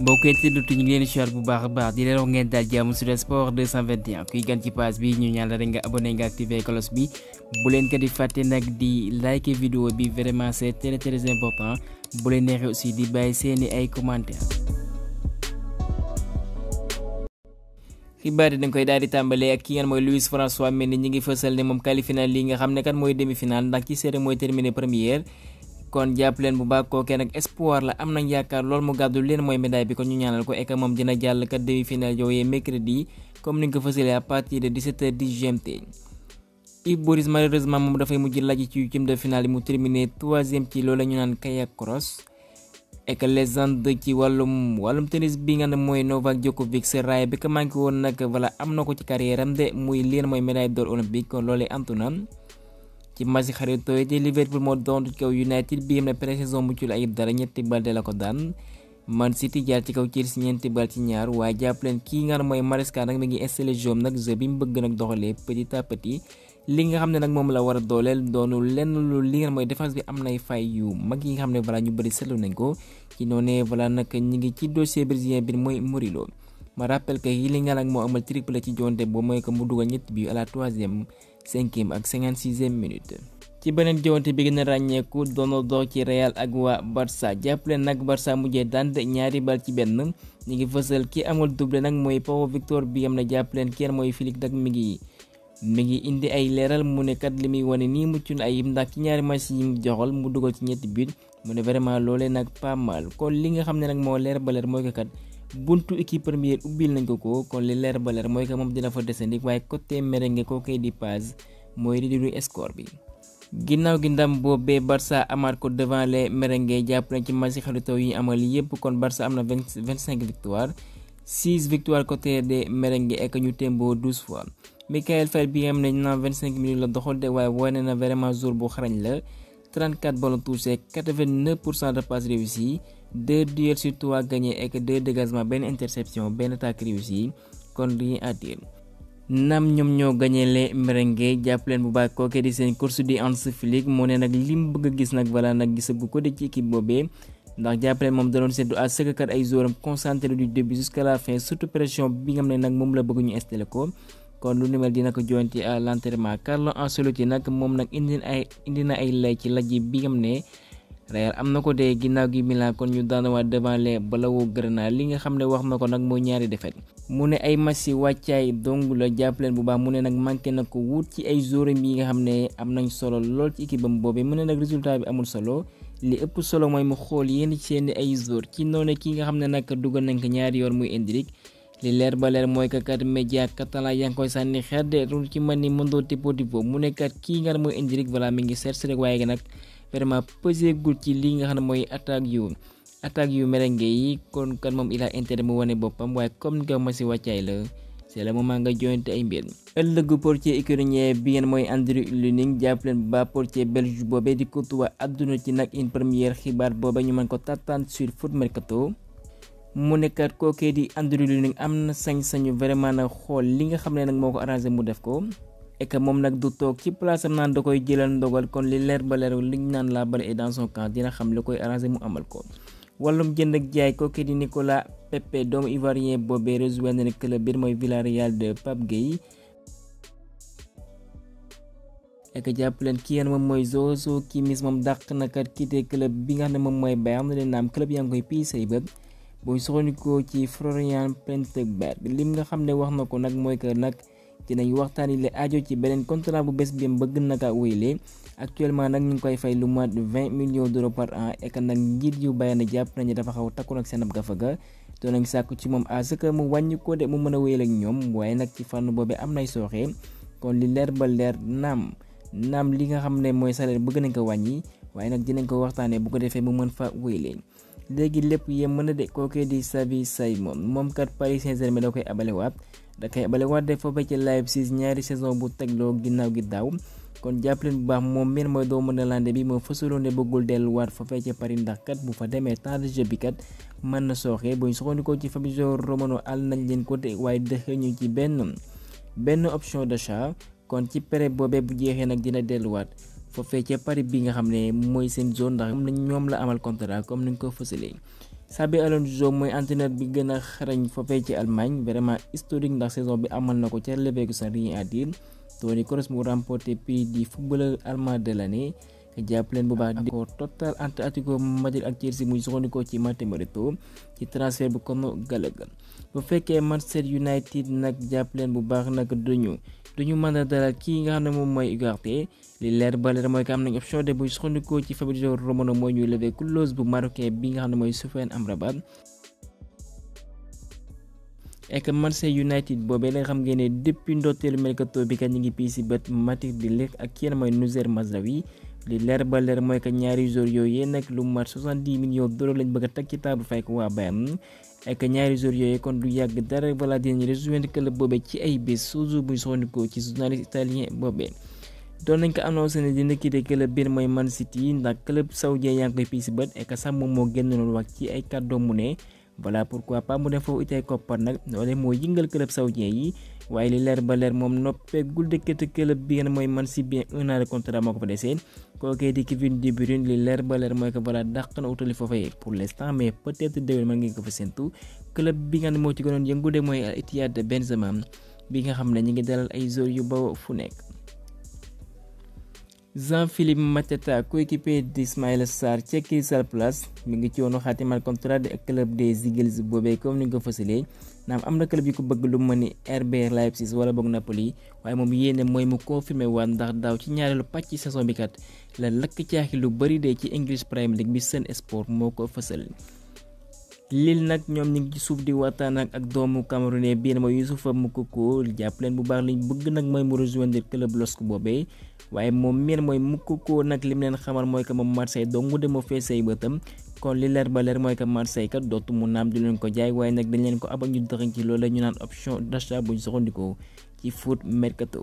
mbokk yi tudd ñu ngi leen di bu baax a baax di leen ngeen daal jàmm Sud Sport 221 kuy gan ci page bi ñu ñaan la rek nga abonné nga activé bi bu leen ko di fàtte nag di like vidéo bi vraiment c'est très très important bu leen neexee aussi di bàyyi seeni ay commentaires. xibaar yi dañ koy daal di tàmbalee ak ki ngeen mooy Luis François Mendy ñi ngi fësal ne moom qualifié na nga xam ne kat mooy demi final ndax ci série mooy terminé première. kon jàpp leen bu baax kookee nag espoir la am nañ yaakaar lool mu gàddu leen mooy médaille bi kon ñu ñaanal ko ek moom dina jàll kat demi final yooyee mercredi comme ni nga ko fësalee à partir de 17h10 GMT. Yves Boris malheureusement dafay mujj laaj ci huitième de finale yi mu terminé troisième ci loolu la ñu naan kayak cross. ek légende ci wàllum wàllum tennis bi nga ne mooy Novak Djokovic sa raay bi ko manqué woon nag voilà am na ko ci carrière am de muy leen mooy médaille d'or olympique kon loolee antu na ci match xaritoo yi Liverpool moo doon kaw United bi yem na pré-saison muccul ayib dara ñetti bal de la ko daan Man City jaar ci kaw Chelsea ñeenti bal ci ñaar waaye jàpp leen kii nga xam mooy Maresca nag mi ngi installé jeu nag jeu bi mu bëgg nag doxalee petit à petit li nga xam ne nag moom la war a dooleel doonu lenn lu li nga mooy défense bi am fay yu mag yi nga xam ne ñu bëri seetlu nañ ko ci noonee voilà nag ñu ngi ci dossier brésilien bi mooy Murilo ma rappel que yi li nga amal triplé ci jonte boo mooy que mu dugal ñett bi à la cinquième ak 56e minute ci beneen jowante bi gën ràññeeku ci Real ak waa Barça jàppale nag Barça mujjee daan ñaari bal ci benn ñu ngi fësal ki amul doublé nag mooy Victor bi am na jàppaleen kenn mooy Flick nag mi ngi mi ngi indi ay leeral mu ne kat li muy wane nii mucc na ayib ndax ci ñaari match yi mu joxal mu dugal ci ñetti but mu ne vraiment loolee nag pas mal kon li nga xam ne nag moo leer ba leer mooy ko kat buntu équipe première ubbil nañ ko ko kon li leer ba leer mooy que moom dina fa desandi waaye côté merengue koo koy di paas mooy di du bi. ginnaaw gi ndam boobee Barça amaat ko devant les merengue jàpp nañ ci match xarito yi amal yépp kon Barça am na vingt cinq victoire six victoire côté des merengue ek ñu témboo douze fois. Michael Faye bi am nañ na vingt cinq minutes la doxal de waaye wane na vraiment jour bu xarañ la 34 ballons pour cent de passes réussies. deux duels sur trois gagnés ak deux dégagements benn interception benn attaque réussie kon du ñu àttir nam ñoom ñoo gagné les merengue jàpp leen bu baax kooke di seen course di Hans Flick moo ne nag li mu bëgg a gis nag wala nag gisagu ko de ci équipe boobee ndax jàpp leen moom danoon seddu à sëkkat ay jouram concentré du début jusqu'à la fin surtout pression bi nga xam ne nag moom la bëgg ñu installé ko kon lu ni mel dina ko jointi à l'entraînement Carlo Ancelotti nag moom nag indi indi na ay lay ci lajj bi nga xam Real am na ko de ginnaaw gi Milan kon ñu daanawaat devant les Blaugrana Grenade li nga xam ne wax ma ko nag mooy ñaari défaite mu ne ay match si wàccaay dong la jàppaleen bu baax mu ne nag manqué na ko wut ci ay joueurs yi nga xam ne am nañ solo lool ci équipe am boobee mu ne nag résultat bi amul solo li ëpp solo mooy mu xool yenn ci seen ay joueurs ci noonu ki nga xam ne nag dugal nañ ko ñaari yoon muy Endrick li leer ba leer mooy que kat média catalan yaa ngi koy sànni xeer de ci mën ni mëndoo tipo tipo mu ne kat kii nga mooy Endrick voilà mi ngi seet si rek waaye nag. vraiment pesé gul ci li nga xam ne attaque yu attaque yu merengue yi kon kan moom il a intérêt mu wane boppam waaye comme nga ma si wàccaay la c'est le moment nga jointe ay mbir ëllëgu portier ukrainien bi ngeen mooy Andriy Lunin jàpp leen ba portier belge boobe di courtois àdduna ci nag une première xibaar boobe ñu mën ko tàttaan sur foot mercato mu nekkat di sañ-sañu vraiment na li nga mu def ko et que moom nag du toog ci place am naan da koy jëlal ndogal kon li leer ba leerul li ñu naan la balle est dans son dina xam li koy arrangé mu amal ko. wàllum jënd ak jaay kooku di Nicolas Pepe doomu ivoirien boobee rejoindre na club bi mooy Villarreal de Pape Gueye. ek jàpp leen ki yéen moom mooy João Kimmich moom dàq na kat quitté club bi nga xam ne moom mooy Bayern na leen naam club yaa ngi koy pii say bëb booy soxandikoo ci Florian Plettenberg lim nga xam ne wax na ko nag mooy que nag. ci dañ waxtaani la aajo ci beneen contrat bu bees bi bëgg naka wéyle actuellement nag ñu ngi koy fay lu mat 20 millions d'euros par an et que nag njiit yu bayana jàpp nañu dafa xaw takku nag seen ab gafa ga doon nañ sàkku ci moom à que mu wàññi ko de mu mën a wéyal ak ñoom waaye nag ci fànn boobee am nay sooxee kon li leer ba leer naam naam li nga xam ne mooy salaire bëgg nañ ko wàññi waaye nag dinañ ko waxtaanee bu ko defee mu mën fa wéyle léegi lépp yem mën a de kookee di sabi say moom moom kat paris saint germain da koy abalewaat dakay bale waatee foofee ci Leipzig ñaari saison bu tegloo ginnaaw gi daaw kon jàppaleen bu baax moom miin mooy doomu Néerlandais bi moo fësaloon ne bëggul delluwaat foofee ci Paris ndax kat bu fa demee temps de jeu kat mën na sooxee bu ñu soxandikoo ci Fabrizio Romano àll nañ leen ko te waaye dëxee ñu ci benn benn option d'achat kon ci pere boobee bu jeexee nag dina delluwaat foofee ci Paris bi nga xam ne mooy seen zone ndax ñoom la amal contrat comme ni ñu ko fësalee. Xabi Alonso mooy entraîneur bi gën a xarañ foofee ci Allemagne vraiment historique ndax saison bi amal na ko ca Leverkusen rien à dire Toni Kroos mu remporté prix du footballeur allemand de l'année jàpp leen bu baax di accord total entre Atlético Madrid ak Chelsea muy soxandikoo ci Martinez ci transfert bu Conor Gallagher bu fekkee Manchester United nag jàpp leen bu baax nag duñu duñu mën a dalal kii nga xam ne moom mooy Ugarte li leer ba leer mooy ko am nañ option de bu ñu sukkandikoo ci Fabrizio Romano mooy ñuy lever clause bu marocain bi nga xam ne mooy Sofiane Amrabat et que Marseille United boobee la xam ngeen ne depuis ndorteelu bi kat ñu ngi pii si bët Matip di lekk ak kenn mooy Noussair Mazraoui li leer ba leer mooy que ñaari joueurs yooyu nag lu mat 70 millions dollars lañ bëgg a teg ci table fay ko waa Bayern ak ñaari joueurs yooyu kon du yàgg dara balaa dinañ rejoindre club boobee ci ay bés toujours buñ soxandikoo ci journaliste italien boobee. doon nañ ko annoncé ne dina quitté club biir mooy Man City ndax club saoudien yaa ngi koy pii si bët et que sax moom moo génnoon wax ci ay kàddoom ne. voilà pourquoi pas mu def foofu itay koppar nag loole moo yëngal club saoudien yi waaye li leer ba leer moom noppeegul dëkkati club bi ngeen mooy man si bien un an de contrat moo ko fa desee kookee di Kevin De Bruyne li leer ba leer mooy ko voilà dàq na utali foofee pour l'instant mais peut-être déwén mën ngeen ko fa séntu club bi nga moo ci gënoon yëngu de mooy Al Ittihad Benzema bi nga xam ne ñu ngi dalal ay joueurs yu ba fu nekk Jean-Philippe Mateta coéquipier d'Ismaïla Sarr ca Crystal Palace mi ngi ci woonu xaatimal contrat ak club des Eagles boobee comme ni ñu ko fësalee ndax am na club yu ko bëgg lu ma ni RB Leipzig wala boog Napoli waaye moom yéene mooy mu confirmé waat ndax daaw ci ñaareelu pàcc saison bi kat la lakk caaxi lu bari de ci English Premier League bi Sen Sport moo ko fësal. Lille nag ñoom ñu ngi ci suuf di waxtaan ak doomu doomu Camerounais bii mooy Youssoupha Moukoko jàpp leen bu baax liñ bëgg nag mooy mu rejoindre club LOSC boobee waaye moom miin mooy Moukoko nag lim leen xamal mooy que moom Marseille dong de moo fees say bëtam kon li leer ba leer mooy que Marseille kat dootu mu naam di leen ko jaay waaye nag dañ leen ko ab ak ñu dëxañ ci loolu la ñu naan option d'achat bu ñu soxandikoo ci foot mercato.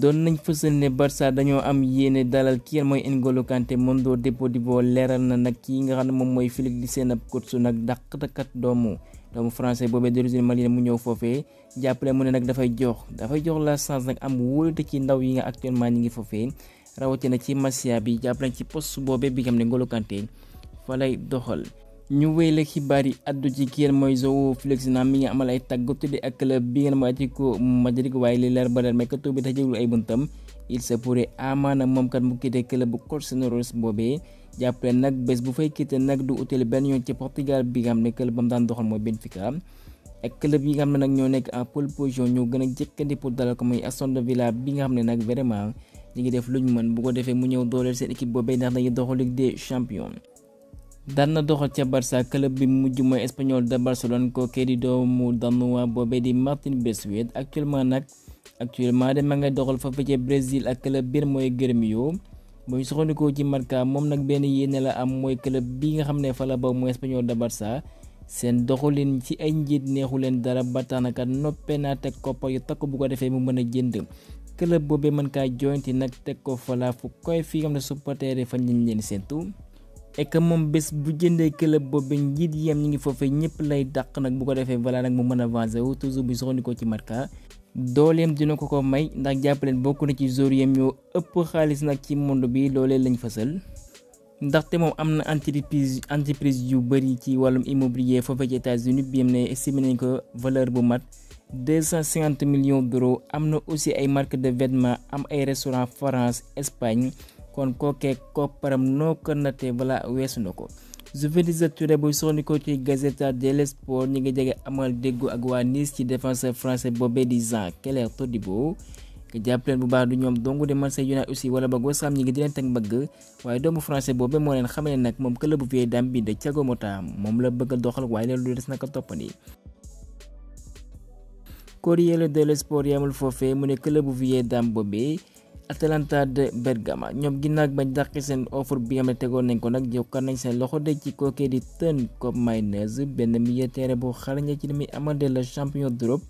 doon nañ fësal ne Barça dañoo am yéene dalal kii mooy N'Golo Kanté Mundo Deportivo leeral na nag kii nga xam ne moom mooy Flick di seen ab coach su nag dàqatakat doomu doomu français boobee d'origine malienne mu ñëw foofee jàppale mu ne nag dafay jox dafay jox la chance nak am wóolute ci ndaw yi nga actuellement ñi ngi foofee rawatina ci Masia bi jàppale ci post boobee bi nga xam ne N'Golo Kanté fa lay doxal. ñu wéyle xibaar yi addu ci kiyéen mooy João Félix na mi ngi amal ay tàggatu di ak club bi ngeen mooy Atlético Madrid waaye li leer ba leer mercato bi tëjagul ay buntam il se pourrait amaana moom kat mu quitté club bu Cortiñeiros boobee jàppale nag bés bu fay quitté nag du utile benn yoon ci Portugal bi nga xam ne club ba mu daan doxal mooy Benfica ak club yi nga xam ne nag ñoo nekk en pole position ñoo gën a jëkkandi pour dalal ko muy Aston Villa bi vraiment ñu ngi def lu ñu mën bu ko defee mu ñëw dooleel seen équipe boobee daan na doxal ca Barça club bi mujj mooy Espanyol de Barcelone kookee di doomu danuwa boobe di Martin Braithwaite actuellement nag actuellement de ma ngay doxal fa ca Brésil ak club biir mooy Grêmio mooy soxandikoo ci Marca moom nag benn yéene la am mooy club bi nga xam fa la ba mooy Espanyol de Barça seen doxalin ci ay njiit neexu leen dara ba tax naka noppee naa teg koppar yu takk bu ko mu mën jënd club boobe jointi nag teg ko fa fu koy fi nga supporter et moom bés bu jëndee club boobu njiit yam ñi ngi foofee ñëpp lay daq nag bu ko defee voilà nag mu mën a avancé wu toujours bu soxla ko ci marka dooleem dina ko ko may ndax jàppaleen bokk na ci joueur yam ñoo ëpp xaalis nag ci monde bi loolee lañu fësal. ndaxte moom am na entreprise entreprise yu bëri ci wàllum immobilier foofee ci États-Unis bi yam ne estimé nañ ko valeur bu mat. 250 millions d'euros am na aussi ay marques de vêtements am ay restaurants France Espagne. kon kookee kopparam noo ko nattee balaa weesu na ko Juventus de Turin buy soxnikoo ci Gazzetta dello Sport ñi ngi jege amal déggo ak waa Nice ci défenseur français boobee di Jean-Claire Todibo nga jàpp leen bu baax du ñoom dong de Manchester United aussi wala ba West Ham ñi ngi di leen teg mbëgg waaye doomu français boobee moo leen xamal ne nag moom club bu vieille dame bi de Thiago Motta moom la bëgg doxal waaye leen lu des naka toppandi. Corriere dello Sport yamul foofee mu ne club bu vieille dame Atalanta de Bergama ñoom ginnaaw bañ dàqi seen offre bi nga xam tegoon nañ ko nag jokkoo nañ seen loxo de ci kookee di tën Kob Mainers benn milieu terrain bu xaraña ci mi muy amande la champion d'Europe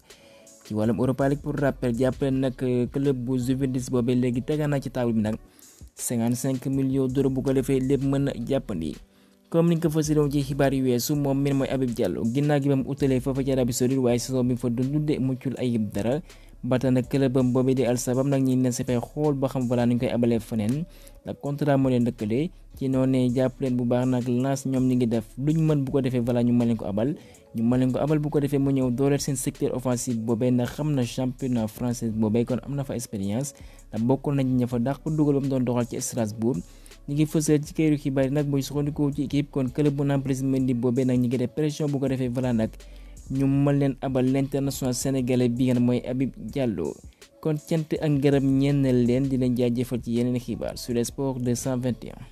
ci wàllum Europa League pour rappel jàppale nag euh, club bu Juventus boobee léegi tegaan na ci table bi nag 55 millions d'euros bu ko defee lépp mën a jàppandi. comme ni nga ko fasiloon ci xibaar yu weesu moom miin mooy Habib Diallo ginnaaw gi ba mu utalee foofa ci Arabie Saoudite waaye saison bi mu fa dundee muccul ayib dara. ba tey nag clubam boobu di Al Shabab nag ñi ne si fay xool ba xam balaa ñu koy abalee feneen la contrat moo leen ci noonu jàpp leen bu baax nag Lens ñoom ñi ngi def luñ mën bu ko defee balaa ñu mën leen ko abal ñu mën leen ko bu ko defee mu ñëw dooleel seen secteur offensif boobee ndax xam na championnat français boobee kon am na fa expérience ndax bokkoon nañ ña fa dàq dugal ba mu doon doxal ci Strasbourg. ñi ngi fësal ci këru xibaar yi nag muy sukkandikoo ci équipe kon club bu Nampalys Mendy nag ñi ngi def pression ñu mën leen abal l'international sénégalais bi ngeen mooy Habib Diallo kon cant ak ngërëm ñeennal leen dina jaajëfal ci yeneen xibaar sur les sports 221